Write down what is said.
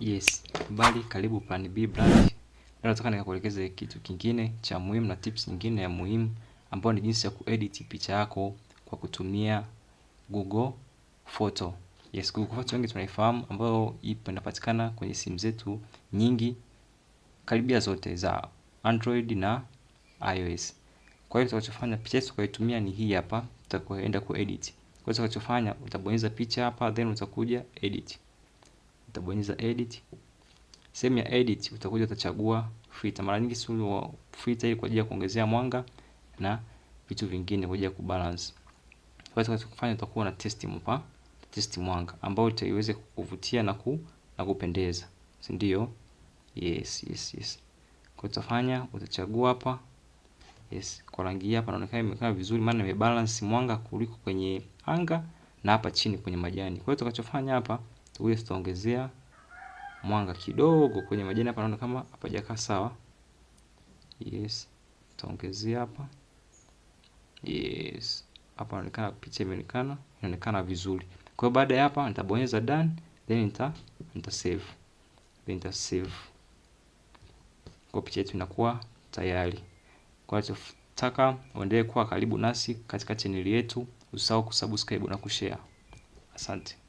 Yes, bali karibu plan B Brand. Leo nataka nikakuelekeze kitu kingine cha muhimu na tips nyingine ya muhimu ambayo ni jinsi ya kuedit picha yako kwa kutumia Google Photo. Yes, Google Photo wengi tunaifahamu ambayo ipo inapatikana kwenye simu zetu nyingi karibia zote za Android na iOS. Kwa hiyo tutakachofanya picha yetu tukaitumia ni hii hapa, tutakwenda kuedit. Kwa hiyo tutakachofanya utabonyeza picha hapa then utakuja edit utabonyeza edit. Sehemu ya edit utakuja utachagua filter. Mara nyingi sio filter hii kwa ajili ya kuongezea mwanga na vitu vingine kwa ajili ya kubalance. Kwa hiyo kufanya utakuwa na test mpa test mwanga ambao itaiweze kukuvutia na ku na kupendeza. Si ndio? Yes, yes, yes. Kwa utafanya utachagua hapa. Yes, kwa rangi hapa inaonekana imekaa vizuri maana imebalance mwanga kuliko kwenye anga na hapa chini kwenye majani. Kwa hiyo tutakachofanya hapa huyo sitaongezea mwanga kidogo kwenye majani hapa, naona kama hapajakaa sawa. Yes, taongezea hapa. Yes, hapa inaonekana picha imeonekana inaonekana vizuri. Kwa hiyo baada ya hapa nitabonyeza done, then nita nita save, then nita save. Kwa picha yetu inakuwa tayari. Kwa hiyo taka uendelee kuwa karibu nasi katika chaneli yetu, usahau kusubscribe na kushare. Asante.